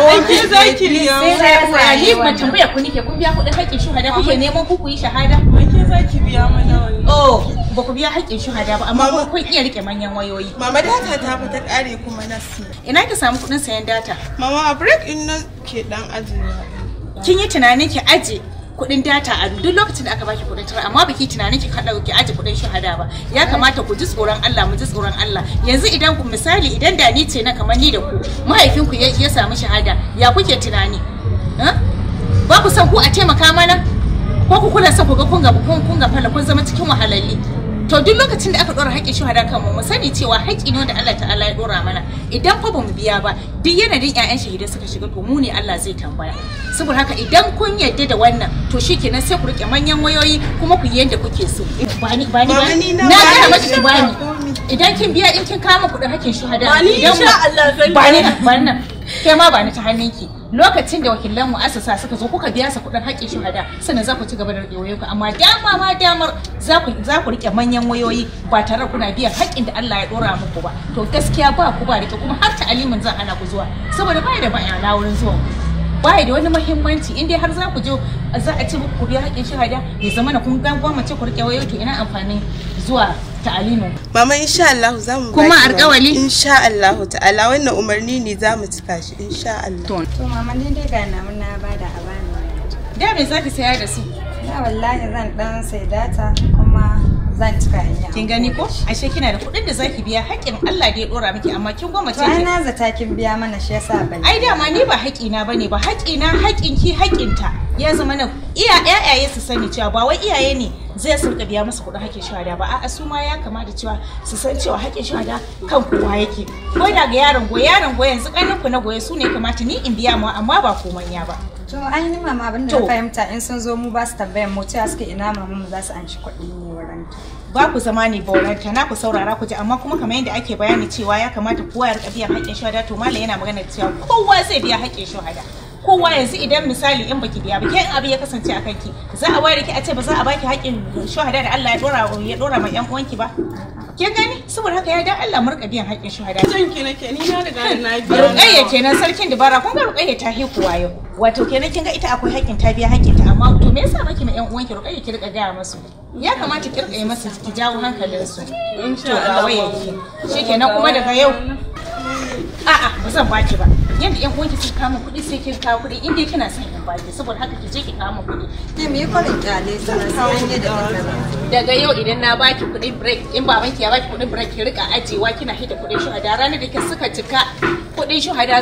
wanki zaki sai ni ba tambaya ku ke. kun biya kuɗin haƙƙin shuhada kuke neman ku yi shahada wanki zaki biya mana wannan oh ba ku biya haƙƙin shuhada ba amma kun iya rike manyan wayoyi mama data ta fa ta ƙare kuma na ina ki samu kuɗin sayan data mama a break in nan ke dan ajiye kin yi tunanin ki aje kuɗin data a duk lokacin da aka baki kuɗin tara amma baki tunanin ki kaɗa ki aje kuɗin shahada ba ya kamata ku ji tsoron Allah mu ji tsoron Allah yanzu idan ku misali idan da ni ce na kamar ni da ku mahaifinku ya samu shahada ya kuke tunani ba ku san ku a taimaka mana ko ku kula son ku ga kun ga kun ga fala kun zama cikin wahalalli to duk lokacin da aka dora haƙƙin shuhada kan mu mu sani cewa haƙƙi ne wanda Allah ta'ala ya dora mana idan fa bamu biya ba duk yanayin ƴaƴan shahidai suka shiga to mu ne Allah zai tambaya saboda haka idan kun yarda da wannan to shikenan sai ku rike manyan wayoyi kuma ku yi yadda kuke so bani bani na ga maki ki bani idan kin biya in kin kama kuɗin haƙƙin shuhada ba ni ba ni kai ma ba ni ta hannunki lokacin da wakilan mu asasa suka zo kuka biya su kuɗin haƙƙin shahada, sannan za ku ci gaba da riƙe ku. amma dama ma damar za ku riƙe manyan wayoyi ba tare kuna biyan haƙƙin da Allah ya ɗora muku ba to gaskiya ba ku ba riƙe kuma har ta alimin zan hana ku zuwa saboda ba da bayana wurin zuwa ku. baya da wani mahimmanci, in dai har za ku je za a ce ku biya haƙƙin shahada ya zama na kun gan gwamnati ku rike wayo to ina amfani zuwa ta'alimin mama insha Allah za mu kuma alƙawali insha Allah ta'ala wannan umarni ne za mu cika shi insha Allah to mama ne dai ga na mun bada abana bani da me za ki saya da su na wallahi zan dan sai data kuma zan cika hanya kin gani ko ashe kina da kuɗin da zaki biya haƙin Allah da ya dora miki amma kin goma ce ai na zata kin biya mana shi yasa ban ai dama ni ba haƙi na bane ba haƙi na haƙin ki haƙin ta ya zama na iya ƴaƴaye su sani cewa ba wai iyaye ne zai su biya musu kuɗin haƙin shahada ba a'a su ma ya kamata cewa su san cewa haƙin shahada kan kowa yake ko da ga yaron go yaron go yanzu ƙanin ku na goye su ne kamata ni in biya mu amma ba komai ya ba to an ma mama abin da fahimta in sun zo mu ba su tambayan mu ce suke ina mama mu za su an shi kuɗi ne wurin ba ku zama ne ba wurin ta na ku saurara ku ji amma kuma kamar yadda ake bayani cewa ya kamata kowa ya rika biyan haƙƙin shahada to malam yana magana cewa kowa zai biya haƙƙin shahada kowa yanzu idan misali in baki biya ba ke abu ya kasance a kanki za a ware ki a ce ba za a baki haƙƙin shahada da Allah ya dora ya dora ma ƴan uwanki ba kin gani saboda haka ya dan Allah murka biyan haƙƙin shuhada zan ki nake ni na riga na biya ruqayya kenan sarkin dubara kun ga ruqayya ta hi yau wato kenan kin ga ita akwai hakkin ta biya hakkin ta amma to me yasa baki ma ƴan uwanki roƙa ki rika gaya masu? ya kamata ki rika yi masa ki jawo hankalin su to ga wayanki shikenan kuma daga yau a'a ba zan baki ba yanda ƴan uwanki sun kama kuɗi sai kin kawo kuɗi inda kina son in baki saboda haka ki je ki kama kuɗi ke me yake rin kyale sana sai an yi da daga yau idan na baki kuɗi break in babanki ya baki kuɗi break ki rika ajewa kina hita kuɗin shuhada ranar da kin suka cika kuɗin shuhada